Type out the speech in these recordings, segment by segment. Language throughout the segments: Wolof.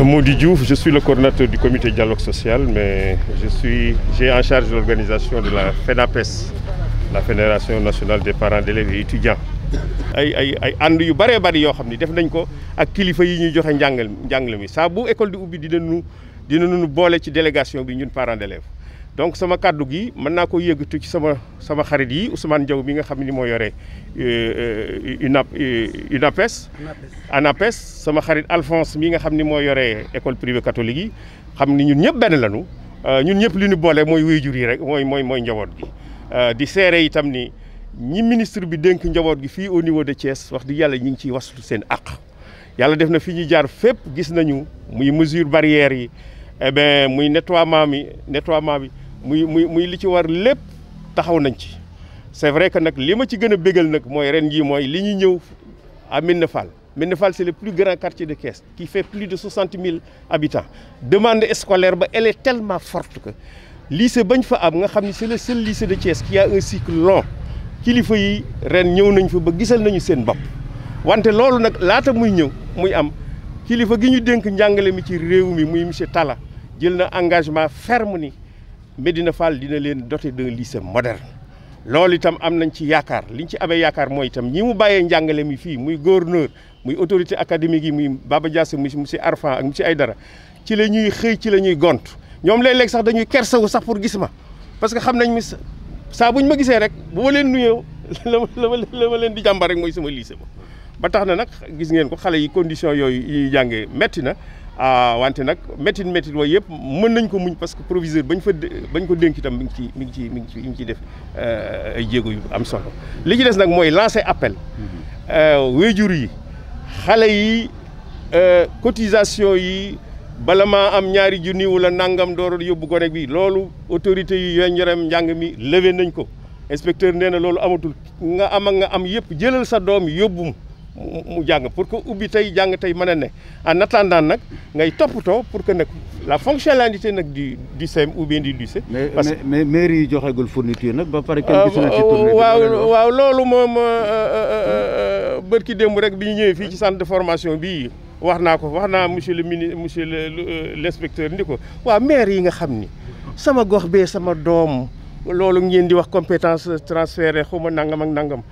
Euh, Modi Diouf, je suis le coordinateur du comité dialogue social, mais je suis, j'ai en charge l'organisation de la FENAPES, la Fédération nationale des parents d'élèves et étudiants. ay ay ay ànd yu bëree bëri yoo xam ni def nañ ko ak kilifa yi ñuy joxe njàngal njàngale mi saa bu école di ubbi dinañu nu boole ci délégation bi ñun parents d'élèves donc sama kàddu gi mën naa ko yëggatu ci sama sama xarit yi Ousmane Diaw mi nga xam ni moo yore euh, euh, UNAP euh, UNAPES. ANAPES sama xarit Alphonse mi nga xam ni moo yore école privée catholique yi xam ni ñun ñëpp benn lañu ñun ñëpp li nu boole mooy waajur yi rek mooy mooy mooy njaboot gi. di seere itam ni ñi ministre bi dénk njawoot gi fii au niveau de Thiès wax di yàlla ñu ngi ciy waslu seen àq yàlla def na fi ñuy jaar fépp gis nañu muy mesure barrière yi. eh bien muy nettoiement mi nettoiement bi muy muy muy li ci war lépp taxaw nañ ci c'est vrai que nag li ma ci gën a bégal nag mooy ren ji mooy li ñuy ñëw à Médina Fall Médina Fall c'est le plus grand quartier de Thiès qui fait plus de soixante mille habitants demande scolaire ba elle est tellement forte que lycée bañ fa am nga xam ni c'est le seul de Thiès qui a un cycle long kilifa yi ren ñëw nañ fa ba gisal nañu seen bopp wante loolu nag laata muy ñëw muy am kilifa gi ñu dénk njàngale mi ci réew mi muy monsieur Talla jël na engagement ferme ni Médina Fall dina leen doté d'un lycée moderne loolu itam am nañ ci yaakaar liñ ci amee yaakaar mooy itam ñi mu bàyyee njàngale mi fii muy gouverneur muy autorité académique yi muy Baba Diasse muy si Arfan ak monsieur Aydara ci la ñuy xëy ci la ñuy gont ñoom léeg-léeg sax dañuy kersawu sax pour gis ma parce que xam nañ mi saa ñu ma gisee rek bu ma leen nuyoo la ma la leen di jàmbar rek mooy sama lycée ma ba tax na nag gis ngeen ko xale yi condition yooyu ñuy jàngee métti na ah wante nag métit métit wooyu yëpp mën nañ ko muñ parce que proviseur bañ fa bañ ko dénk itam mi ci mi ngi ci mi ci mi ngi def euh, ay jéego yu am solo li ci des nag mooy lancer appel mhm. euh, wéjur yi xale yi euh, cotisation yi bala maa am ñaari junni wala nangam door yóbbu gone bi loolu autorité yi yoñ yorem njàng mi levé nañ ko inspecteur nee na loolu amatul nga am ak nga am yëpp jëlal sa doom yóbbum mu jàng pour que ubbi tey jàng tey mën a ne en attendant nag ngay toppatoo pour que nag la fonctionnalité nag du du CEM ou bien du lycée. parce que mais mais mairie yi joxeegul fourniture nag ba pare kenn euh, gisuma ci tournée waaw waaw loolu moom euh, euh, bërki démb rek bi ñu ñëwee fii ci centre de formation bii wax naa ko wax naa monsieur le ministre monsieur le l' inspecteur ndi ko waaw maire yi nga xam ni sama gox bee sama doom loolu ngeen di wax compétence transférée xaw ma nangam ak nangam.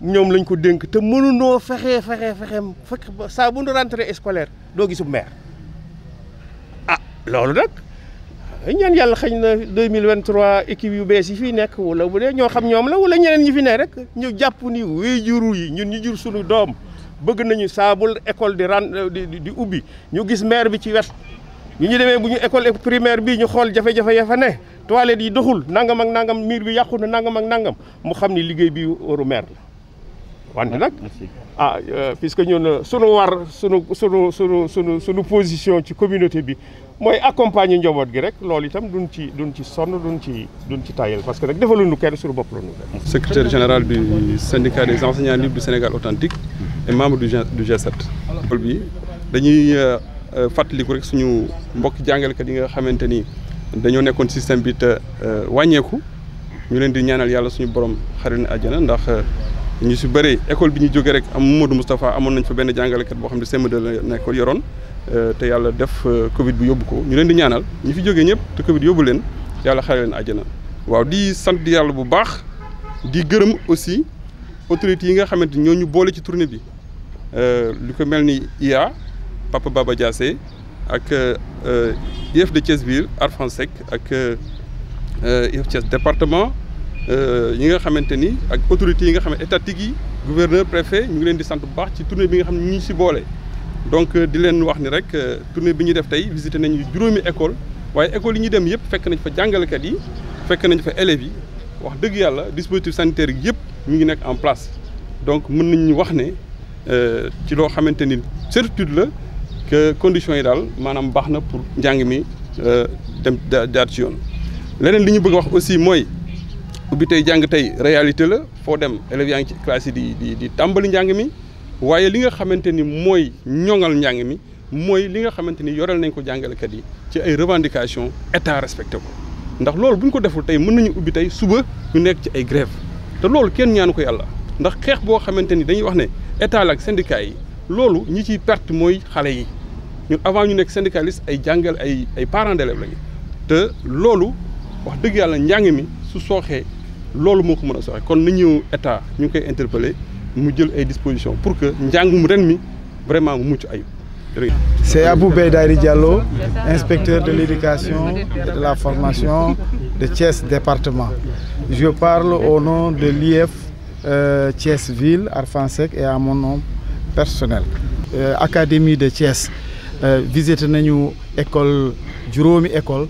ñoom lañ ko dénk te mënunoo fexe fexe fexem fekk saa bu nu rentrée scolaire doo gisub maire ah loolu nag ñaan yàlla xëy na 2023 équipe yu bees yi fii nekk wala bu dee ñoo xam ñoom la wala ñeneen ñi fi ne rek ñu jàpp ni waajur yi ñun ñu jur sunu doom bëgg nañu saabul école di ren euh, di ubbi ñu gis maire bi ci wet ñu ñu demee bu ñu école primaire bi ñu xool jafe-jafe ya fa ne toilettes yi doxul nangam ak nangam miir bi yàqu na nangam ak nangam mu xam ni liggéey bi waru maire wante nag ah euh, puisque ñun euh, suñu war suñu suñu suñu suñu suñu position ci communauté bi mooy accompagne njaboot gi rek loolu itam duñ ci duñ ci sonn duñ ci duñ ci tayal parce que nag defaluñu kenn suñu bopp la ñu def secrétaire général du syndicat des enseignants libres du Sénégal authentique et membre du du G7 loolu bi dañuy euh, fàttaliku rek suñu mbokk jàngalekat yi nga xamante ni dañoo nekkoon système bi te wàññeeku ñu leen di ñaanal yàlla suñu borom xarit na àjjana ndax ñu si bëri école bi ñu jógee rek am Mamadou Moustapha amoon nañ fa benn jàngalekat boo xam ne CM2 la nekkoon yoroon euh, te yàlla def euh, Covid bi yóbbu ko ñu leen di ñaanal ñu fi jógee ñëpp te Covid yóbbu leen yàlla xare leen àjjana waaw di sant yàlla bu baax di gërëm aussi autorités yi nga xamante ñoo ñu boole ci tournée bi euh, lu ko mel ni IA Papa Baba Diassé ak IF de Thiès ville Arfan Seck ak IF Thiès département Euh, ñi nga xamante ni ak autorités yi nga xam ne étatique yi gouverneur préfet ñu ngi leen di sant bu baax ci tournée bi nga xam ne ñu si boole. donc euh, di leen wax ni rek euh, tournée bi ñu def tey visité nañu juróomi école waaye école yi ñu dem yëpp fekk nañ fa jàngalekat yi fekk nañ fa élèves yi wax dëgg yàlla dispositif sanitaire yëpp mu ngi nekk en place donc mën nañu wax ne ci loo xamante ni certitude la que conditions yi daal maanaam baax na pour njàng mi dem jaar ci yoon leneen li ñu bëgg wax aussi mooy. ubbi tey jàng tey réalité la foo dem élèves yaa ngi ci classe yi di di tàmbali njàng mi waaye li nga xamante ni mooy ñoŋal njàng mi mooy li nga xamante ni yoreel nañ ko jàngalekat yi ci ay revendication état respecté ko ndax loolu bu ñu ko deful tey mën nañu ubbi tey suba ñu nekk ci ay grève te loolu kenn ñaanu ko yàlla ndax xeex boo xamante ni dañuy wax ne état la ak syndicat yi loolu ñi ciy perte mooy xale yi ñun avant ñu nekk syndicaliste ay jàngal ay ay parents d'élèves te loolu wax dëgg yàlla njàng mi su sooxee loolu moo ko mën a soxe kon nañu état ñu ngi koy interpellé mu jël ay dispositions pour que mu ren mi vraiment mu mucc ayib. C'est Abou Beydaïri Diallo, inspecteur de l'éducation et de la formation de Thiès département. Je parle au nom de l'IF euh, Thiès Ville, Arfansec et à mon nom personnel. Euh, Académie de Thiès, euh, visite nañu école juróomi école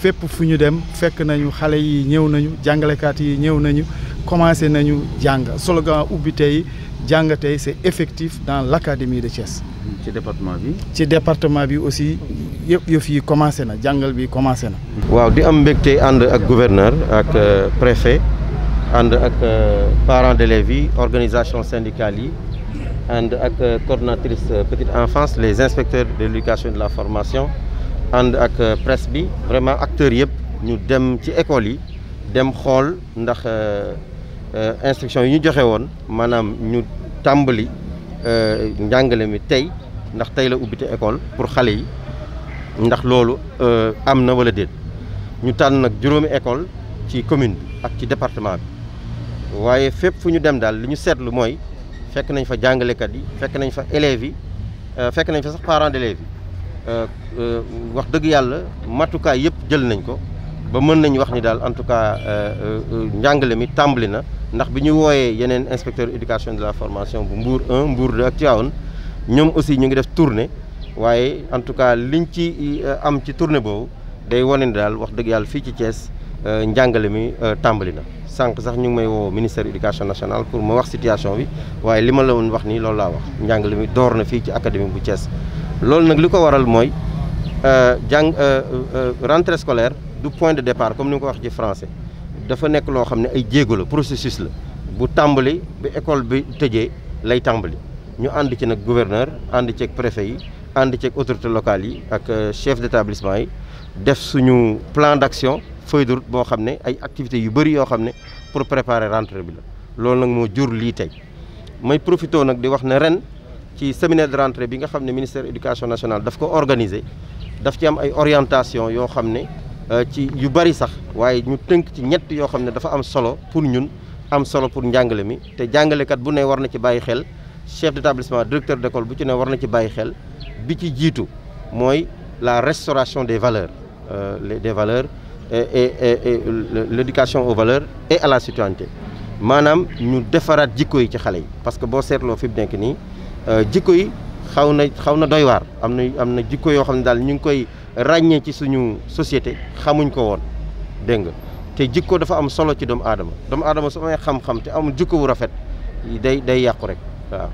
fépp fu ñu dem fekk nañu xale yi ñëw nañu jàngalekaat yi ñëw nañu commencé nañu jàng slogan ubbi tey jàng tey c'est effectif dans l'académie de Thiès. ci département bi. ci département bi aussi yëpp yëf yi commencé na jàngal bi commencé na. waaw di am mbégte ànd ak gouverneur ak euh, préfet ànd ak euh, parent de les yi organisation syndicale yi ànd ak euh, coordonnatrice petite enfance les inspecteurs de l'éducation et de la formation. ànd ak euh, presse bi vraiment acteurs yëpp ñu dem ci école yi dem xool ndax euh, euh, instruction yi ñu joxe woon maanaam ñu tàmbali njàngale mi tey ndax tey la ubbite école pour xale yi ndax loolu am na wala déet ñu tànn nag juróomi école ci commune bi ak ci département bi waaye fépp fu ñu dem daal li ñu seetlu mooy fekk nañ fa jàngalekat yi fekk nañ fa élèves yi fekk nañ fa sax parents d'élèves yi Euh, euh, wax dëgg yàlla matukaay yëpp jël nañ ko ba mën nañ wax ni daal en tout cas euh, njàngale mi tàmbali na ndax bi ñuy wooyee yeneen inspecteur éducation de la formation bu mbuur mbuur Mbour 2 ak Tivaouane ñoom aussi ñu ngi def tournée waaye en tout cas liñ ci am ci tournée boobu day wane ni daal wax dëgg yàlla fii ci Thiès njàngale mi tàmbali na sanq sax ñu ngi may woo ministère éducation nationale pour ma wax situation bi waaye li ma la woon wax ni loolu laa wax njàngale mi door na fii ci académie bu Thiès loolu nag li ko waral mooy euh, jàng euh, euh, rentrée scolaire du point de départ comme ni nga ko wax ci français dafa nekk loo xam ne ay jéego la processus la bu tàmbali bi école bi tëjee lay tàmbali ñu ànd ci nag gouverneur ànd ceeg préfet yi ànd ceeg autorité locales yi ak chef d'établissement yi def suñu plan d'action feuille de boo xam ne ay activités yu bëri yoo xam ne pour préparer rentre bi la loolu nag moo jur lii tey may profité nag di wax ne ren ci séminaire de rentrée bi nga xam ne ministère éducation nationale daf ko organiser daf ci am ay orientation yoo xam ne euh, ci yu bari sax waaye ñu tënk ci ñett yoo xam ne dafa am solo pour ñun am solo pour njàngale mi te jàngalekat bu ne war na ci bàyyi xel chef d'établissement directeur d'école bu ci ne war na ci bàyyi xel bi ci jiitu mooy la restauration des valeurs euh, les des valeurs et et l'éducation aux valeurs et à la citoyenneté maanaam ñu defaraat jikko yi ci xale yi parce que boo seetloo fi mu nekk nii Euh, jikko yi xaw na xaw na doy waar am na am na jikko yoo xam ne daal ñu ngi koy ràññee ci suñu société xamuñ ko woon dégg nga te jikko dafa am solo ci doomu aadama doomu aadama su amee xam-xam te amul jikko bu rafet day day yàqu rek waaw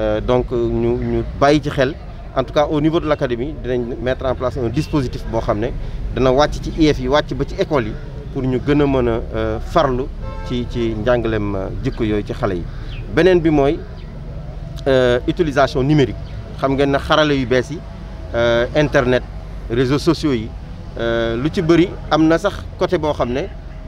euh, donc ñu ñu bàyyi ci xel en tout cas au niveau de l' académie dinañ mettre en place dispositif boo xam ne dana wàcc ci IEF yi wàcc ba ci école yi pour ñu gën a mën a euh, farlu ci ci njàngaleem jikko yooyu ci xale yi beneen bi mooy Euh, utilisation numérique xam ngeen ne xarale yu bees yi euh, internet réseaux sociaux yi euh, lu ci bëri am na sax côté boo xam ne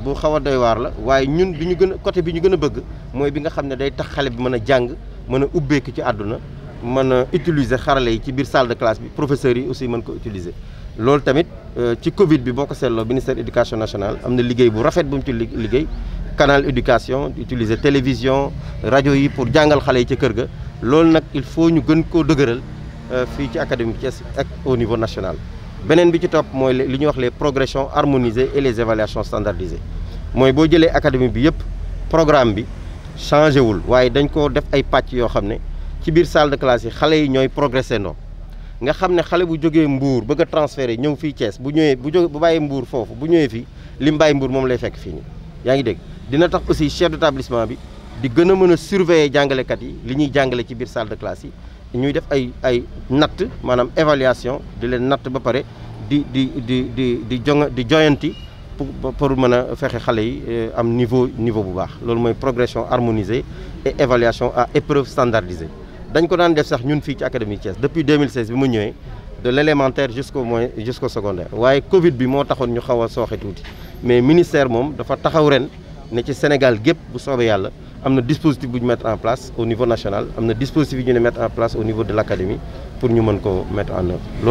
bu xaw a doy waar la waaye ñun bi ñu gën a côté bi ñu gën a bëgg mooy bi nga xam ne day tax xale bi mën a jàng mën a ubbeeku ci àdduna mën a utiliser xarale yi ci biir salle de classe bi professeurs yi aussi mën ko utiliser. loolu tamit ci Covid bi boo ko seetloo ministère éducation nationale am na liggéey bu rafet bu mu ci liggéey canal éducation utiliser télévision rajo yi pour jàngal xale yi ci kër ga. loolu nag il faut ñu gën koo dëgëral euh, fii ci académie Thiès ak au niveau national beneen bi ci topp mooy li ñuy wax les progressions harmonisées et les évaluations standardisées mooy boo jëlee académie bi yëpp programme bi changéwul waaye dañ ko def ay pàcc yoo xam ne ci biir salle de classe yi xale yi ñooy progressé ndoo nga xam ne xale bu jógee Mbour bëgg a transféré ñëw fii Thiès bu ñëwee bu jógee bu bàyyi mbuur foofu bu ñëwee fii li mu bàyyi Mbour moom lay fekk fii nii yaa ngi dégg dina tax aussi chef d'établissement bi di gën a mën a surveiller jàngalekat yi li ñuy jàngale ci biir salle de classe yi ñuy def ay ay natt maanaam évaluation di leen natt ba pare di di di di di jo di joyanti pour pour mën a fexe xale yi euh, am niveau niveau bu baax loolu mooy progression harmonisée et évaluation à épreuve standardisée dañ ko daan def sax ñun fii ci académie Thiès depuis 2016 bi mu ñëwee de l'élémentaire jusqu'au moyen jusqu'au secondaire waaye Covid bi moo taxoon ñu xaw a sooxe tuuti mais ministère moom dafa taxaw ren ne ci Sénégal gépp bu soobee yàlla am na dispositif bu ñu mettre en place au niveau national am na dispositif yu ñu ne mettre en place au niveau de l' pour ñu mën ko mettre en œuvre